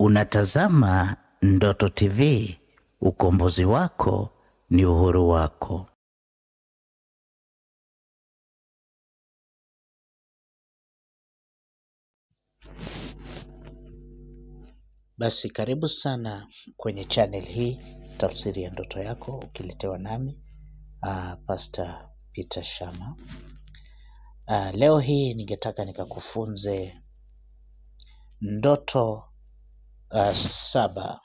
Unatazama Ndoto TV. Ukombozi wako ni uhuru wako. Basi karibu sana kwenye channel hii tafsiri ya ndoto yako, ukiletewa nami uh, Pastor Peter Shama. Uh, leo hii ningetaka nikakufunze ndoto uh, saba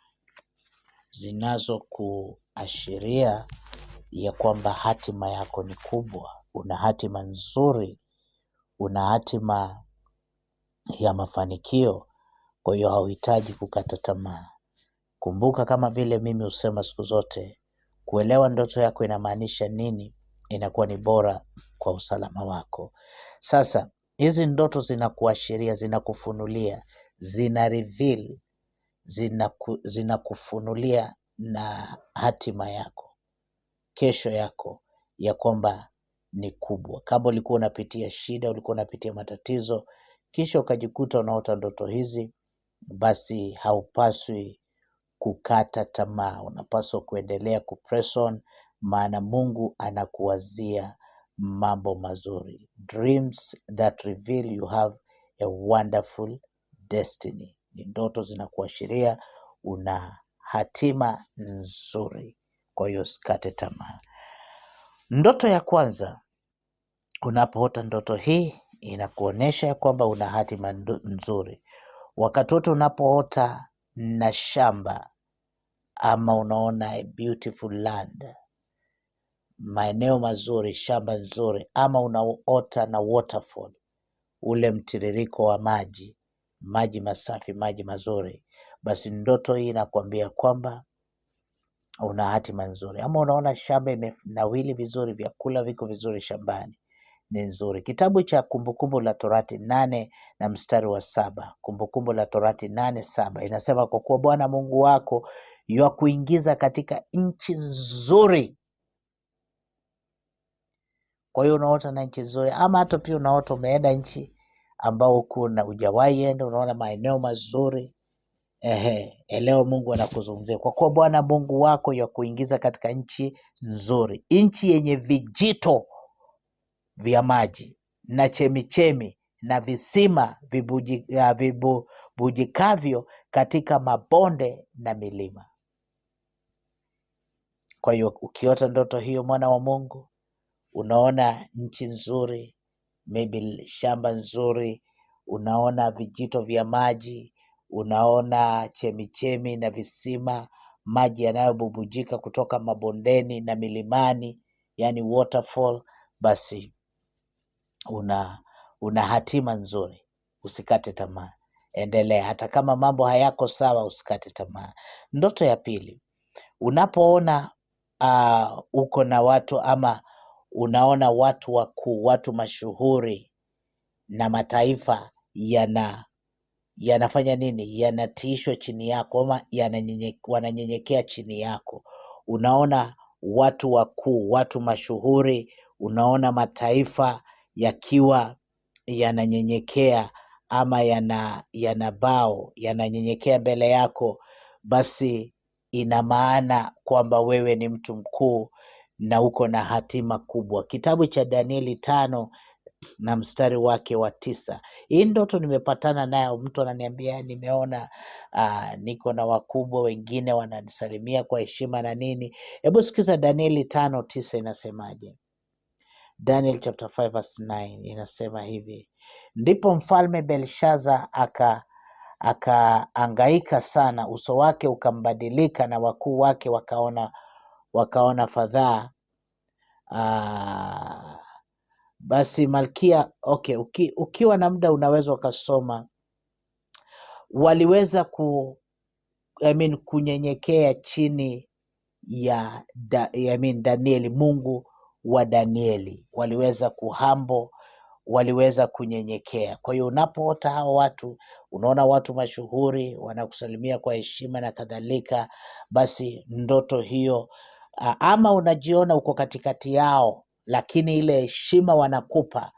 zinazokuashiria ya kwamba hatima yako ni kubwa, una hatima nzuri, una hatima ya mafanikio. Kwa hiyo hauhitaji kukata tamaa. Kumbuka, kama vile mimi husema siku zote, kuelewa ndoto yako inamaanisha nini inakuwa ni bora kwa usalama wako. Sasa hizi ndoto zinakuashiria, zinakufunulia, zina reveal zinaku, zinakufunulia na hatima yako, kesho yako ya kwamba ni kubwa. Kama ulikuwa unapitia shida, ulikuwa unapitia matatizo, kisha ukajikuta unaota ndoto hizi, basi haupaswi kukata tamaa, unapaswa kuendelea kupress on, maana Mungu anakuwazia mambo mazuri. Dreams that reveal you have a wonderful destiny ni ndoto zinakuashiria una hatima nzuri. Kwa hiyo usikate tamaa. Ndoto ya kwanza, unapoota ndoto hii inakuonyesha ya kwamba una hatima nzuri. Wakati wote unapoota na shamba ama unaona a beautiful land, maeneo mazuri, shamba nzuri, ama unaota na waterfall, ule mtiririko wa maji, maji masafi, maji mazuri, basi ndoto hii inakwambia kwamba una hatima nzuri. Ama unaona shamba imenawili vizuri, vyakula viko vizuri shambani, ni nzuri. Kitabu cha Kumbukumbu la Torati nane na mstari wa saba Kumbukumbu la Torati nane saba inasema kwa kuwa Bwana Mungu wako ywa kuingiza katika nchi nzuri. Kwa hiyo unaota na nchi nzuri, ama hata pia unaota umeenda nchi ambao kuna ujawai enda, unaona maeneo mazuri ehe, eleo eh, Mungu anakuzungumzia kwa kuwa Bwana Mungu wako ya kuingiza katika nchi nzuri, nchi yenye vijito vya maji na chemichemi na visima vibujikavyo ah, katika mabonde na milima. Kwa hiyo ukiota ndoto hiyo, mwana wa Mungu, unaona nchi nzuri maybe shamba nzuri, unaona vijito vya maji, unaona chemichemi na visima, maji yanayobubujika kutoka mabondeni na milimani, yani waterfall, basi una una hatima nzuri. Usikate tamaa, endelea. Hata kama mambo hayako sawa, usikate tamaa. Ndoto ya pili, unapoona uh, uko na watu ama unaona watu wakuu, watu mashuhuri na mataifa yana yanafanya nini? Yanatiishwa chini yako ama wananyenyekea chini yako. Unaona watu wakuu, watu mashuhuri, unaona mataifa yakiwa yananyenyekea ama yana yana bao yananyenyekea mbele yako, basi ina maana kwamba wewe ni mtu mkuu na uko na hatima kubwa. Kitabu cha Danieli tano na mstari wake wa tisa. Hii ndoto nimepatana nayo, mtu ananiambia nimeona, aa, ah, niko na wakubwa wengine wananisalimia kwa heshima na nini. Hebu sikiza Danieli tano tisa inasemaje? Daniel chapter 5 verse 9 inasema hivi: ndipo mfalme Belshaza aka akaangaika sana, uso wake ukambadilika, na wakuu wake wakaona wakaona fadhaa ah, basi malkia okay, uki, ukiwa na muda unaweza ukasoma. Waliweza ku, I mean, kunyenyekea chini ya da, I mean, Danieli, Mungu wa Danieli, waliweza kuhambo waliweza kunyenyekea. Kwa hiyo unapoota hao watu, unaona watu mashuhuri wanakusalimia kwa heshima na kadhalika, basi ndoto hiyo ama unajiona uko katikati yao, lakini ile heshima wanakupa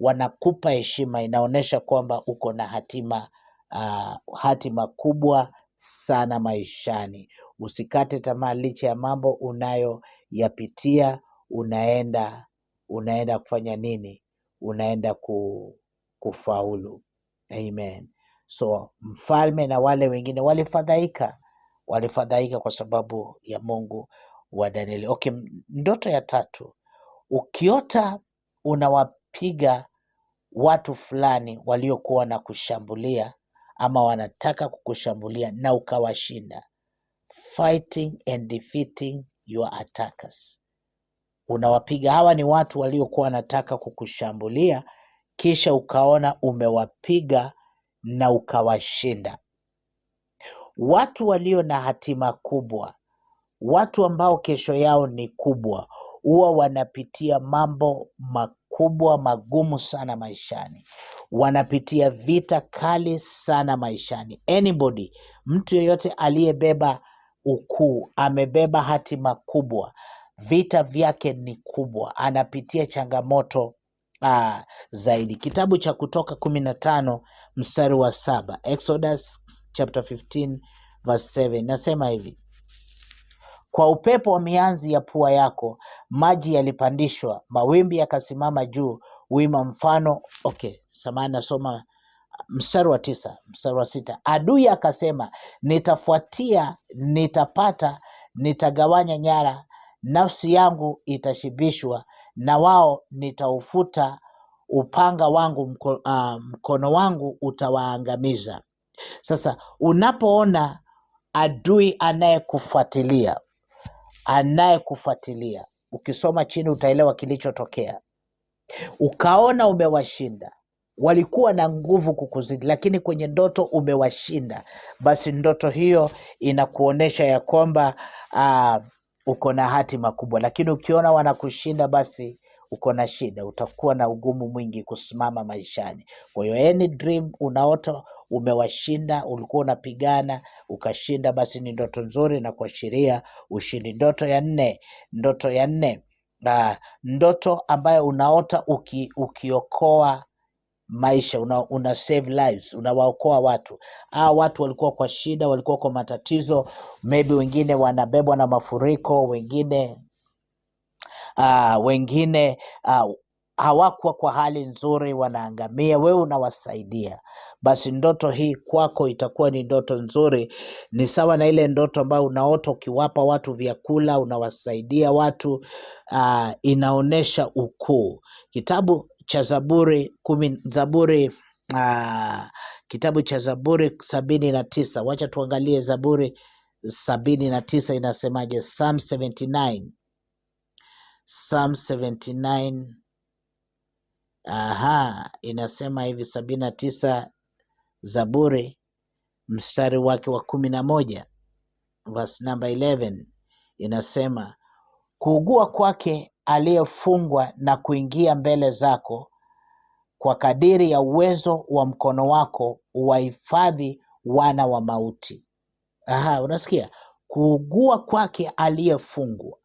wanakupa heshima, inaonyesha kwamba uko na hatima uh, hatima kubwa sana maishani. Usikate tamaa licha ya mambo unayoyapitia. Unaenda unaenda kufanya nini? Unaenda ku, kufaulu. Amen. So mfalme na wale wengine walifadhaika, walifadhaika kwa sababu ya Mungu wa Danieli. Okay, ndoto ya tatu, ukiota unawapiga watu fulani waliokuwa na kushambulia ama wanataka kukushambulia na ukawashinda. Fighting and defeating your attackers, unawapiga hawa ni watu waliokuwa wanataka kukushambulia, kisha ukaona umewapiga na ukawashinda. Watu walio na hatima kubwa Watu ambao kesho yao ni kubwa huwa wanapitia mambo makubwa magumu sana maishani, wanapitia vita kali sana maishani. Anybody, mtu yeyote aliyebeba ukuu, amebeba hatima kubwa, vita vyake ni kubwa, anapitia changamoto aa, ah, zaidi. Kitabu cha Kutoka kumi na tano mstari wa saba Exodus chapter 15 verse 7 nasema hivi kwa upepo wa mianzi ya pua yako, maji yalipandishwa, mawimbi yakasimama juu, wima mfano. Okay, samahani, nasoma mstari wa tisa, mstari wa sita. Adui akasema, nitafuatia, nitapata, nitagawanya nyara, nafsi yangu itashibishwa, na wao nitaufuta upanga wangu mko, uh, mkono wangu utawaangamiza. Sasa unapoona adui anayekufuatilia anayekufuatilia. Ukisoma chini utaelewa kilichotokea. Ukaona umewashinda, walikuwa na nguvu kukuzidi, lakini kwenye ndoto umewashinda. Basi ndoto hiyo inakuonyesha ya kwamba uh, uko na hatima kubwa, lakini ukiona wanakushinda, basi uko na shida, utakuwa na ugumu mwingi kusimama maishani. Kwa hiyo any dream unaota umewashinda, ulikuwa unapigana ukashinda, basi ni ndoto nzuri na kuashiria ushindi. Ndoto ya nne, ndoto ya nne na ah, ndoto ambayo unaota uki, ukiokoa maisha una, una save lives, unawaokoa watu. Hawa ah, watu walikuwa kwa shida, walikuwa kwa matatizo, maybe wengine wanabebwa na mafuriko, wengine uh, wengine uh, hawakuwa kwa hali nzuri, wanaangamia, wewe unawasaidia basi ndoto hii kwako itakuwa ni ndoto nzuri. Ni sawa na ile ndoto ambayo unaota ukiwapa watu vyakula, unawasaidia watu uh, ah, inaonyesha ukuu. Kitabu cha Zaburi kumi, Zaburi uh, kitabu cha Zaburi sabini na tisa. Wacha tuangalie Zaburi sabini na tisa inasemaje? Psalm 79 Psalm 79 Aha, inasema hivi sabini na tisa zaburi mstari wake wa kumi na moja verse number 11 inasema kuugua kwake aliyefungwa na kuingia mbele zako kwa kadiri ya uwezo wa mkono wako wahifadhi wana wa mauti. Aha, unasikia kuugua kwake aliyefungwa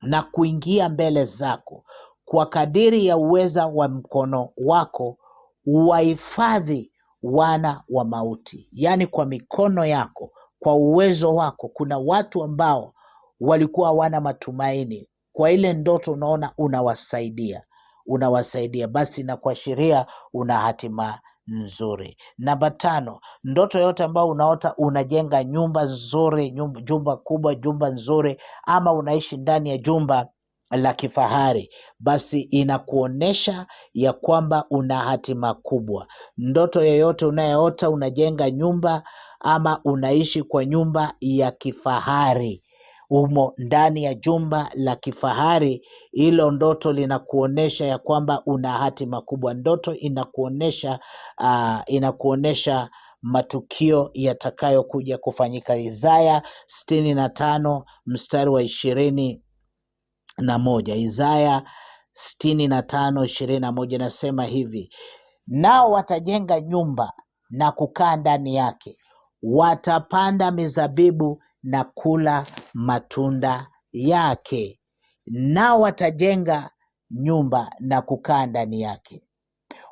na kuingia mbele zako kwa kadiri ya uweza wa mkono wako wahifadhi wana wa mauti. Yaani kwa mikono yako, kwa uwezo wako, kuna watu ambao walikuwa hawana matumaini, kwa ile ndoto unaona unawasaidia, unawasaidia, basi na kuashiria una hatima nzuri. Namba tano, ndoto yote ambayo unaota unajenga nyumba nzuri, nyumba, jumba kubwa, jumba nzuri, ama unaishi ndani ya jumba la kifahari, basi inakuonesha ya kwamba una hatima kubwa. Ndoto yoyote unayoota, unajenga nyumba ama unaishi kwa nyumba ya kifahari, umo ndani ya jumba la kifahari, hilo ndoto linakuonesha ya kwamba una hatima kubwa. Ndoto inakuonesha uh, inakuonesha matukio yatakayokuja kufanyika. Isaya sitini na tano mstari wa ishirini na moja. Isaya sitini na tano ishirini na moja inasema hivi, nao watajenga nyumba na kukaa ndani yake, watapanda mizabibu na kula matunda yake, nao watajenga nyumba na kukaa ndani yake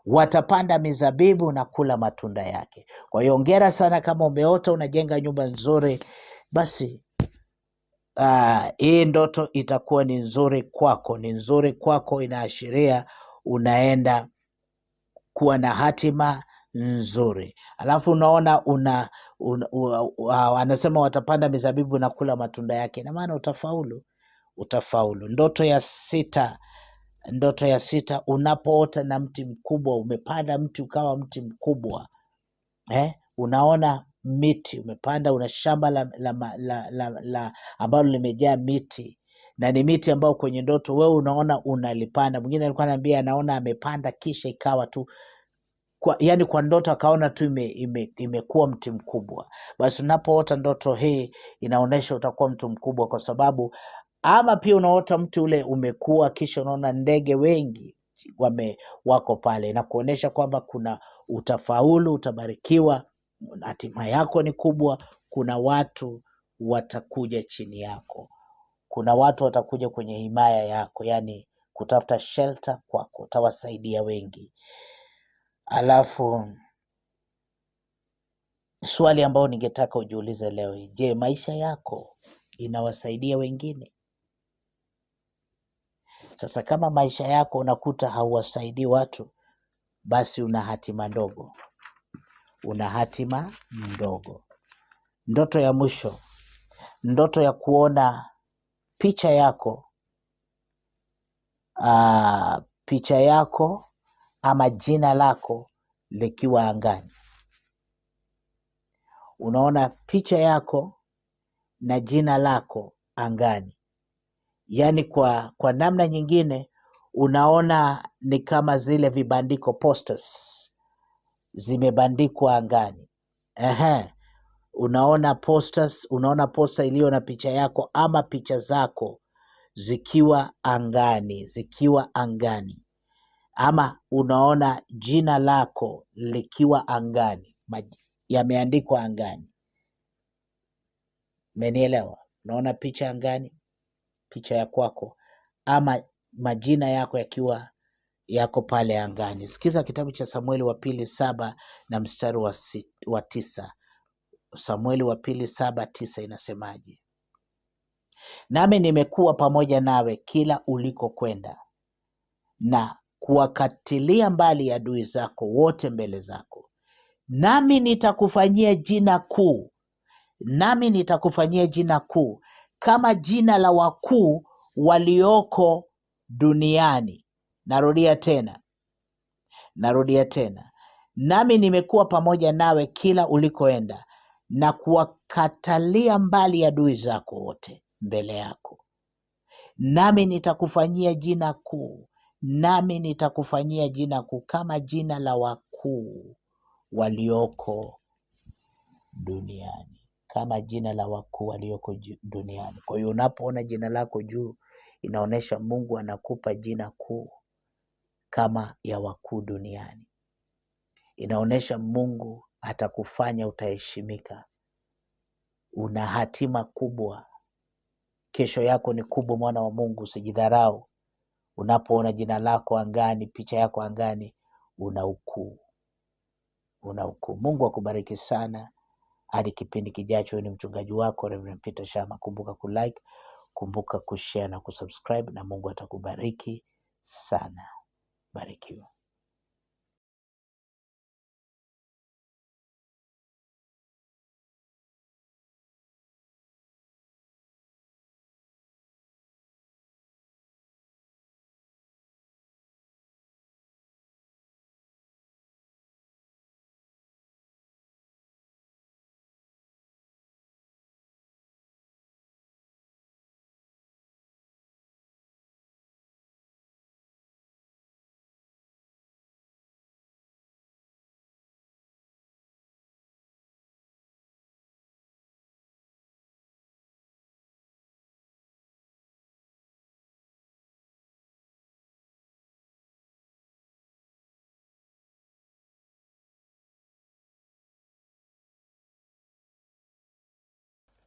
watapanda mizabibu na kula matunda yake. Kwa hiyo ongera sana, kama umeota unajenga nyumba nzuri, basi Ah, hii ndoto itakuwa ni nzuri kwako, ni nzuri kwako, inaashiria unaenda kuwa na hatima nzuri. Alafu unaona una, una, una, una ah, anasema watapanda mizabibu na kula matunda yake, ina maana utafaulu, utafaulu. Ndoto ya sita ndoto ya sita, unapoota na mti mkubwa, umepanda mti ukawa mti mkubwa eh? Unaona miti, umepanda una shamba la, la, la, la, la, la ambalo limejaa miti na ni miti ambayo kwenye ndoto wewe unaona unalipanda. Mwingine alikuwa anaambia anaona amepanda kisha ikawa tu kwa, yani kwa ndoto akaona tu ime, ime, imekuwa mti mkubwa. Basi unapoota ndoto hii inaonyesha utakuwa mtu mkubwa, kwa sababu ama pia unaota mti ule umekuwa, kisha unaona ndege wengi wame wako pale na kuonyesha kwamba kuna utafaulu, utabarikiwa hatima yako ni kubwa. Kuna watu watakuja chini yako, kuna watu watakuja kwenye himaya yako, yaani kutafuta shelter kwako, utawasaidia wengi. Alafu swali ambayo ningetaka ujiulize leo, je, maisha yako inawasaidia wengine? Sasa kama maisha yako unakuta hauwasaidii watu, basi una hatima ndogo una hatima ndogo. Ndoto ya mwisho, ndoto ya kuona picha yako aa, ah, picha yako ama jina lako likiwa angani. Unaona picha yako na jina lako angani, yaani kwa, kwa namna nyingine unaona ni kama zile vibandiko posters zimebandikwa angani. Ehe, unaona posters, unaona posta iliyo na picha yako ama picha zako zikiwa angani, zikiwa angani, ama unaona jina lako likiwa angani, yameandikwa angani. menielewa Unaona picha angani, picha ya kwako ama majina yako yakiwa yako pale angani. Sikiza kitabu cha Samueli wa pili saba na mstari wa, si, wa tisa. Samueli wa pili saba tisa inasemaje? Nami nimekuwa pamoja nawe kila ulikokwenda na kuwakatilia mbali adui zako wote mbele zako, nami nitakufanyia jina kuu, nami nitakufanyia jina kuu kama jina la wakuu walioko duniani Narudia tena, narudia tena, nami nimekuwa pamoja nawe kila ulikoenda na kuwakatalia mbali adui zako wote mbele yako. Nami nitakufanyia jina kuu, nami nitakufanyia jina kuu kama jina la wakuu walioko duniani, kama jina la wakuu walioko duniani. Kwa hiyo unapoona jina lako juu, inaonyesha Mungu anakupa jina kuu kama ya wakuu duniani. Inaonyesha Mungu atakufanya utaheshimika. Una hatima kubwa, kesho yako ni kubwa, mwana wa Mungu. Usijidharau unapoona jina lako angani, picha yako angani. Una ukuu, una ukuu. Mungu akubariki sana. Hadi kipindi kijacho, ni mchungaji wako Reverend Peter Shama. Kumbuka kulike, kumbuka kushare na kusubscribe, na Mungu atakubariki sana. Barbecue.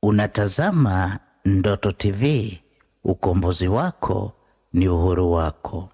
Unatazama Ndoto TV. Ukombozi wako ni uhuru wako.